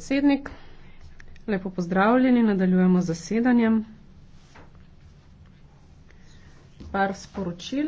predsednik. Lepo pozdravljeni, nadaljujemo z zasedanjem. Par sporočil.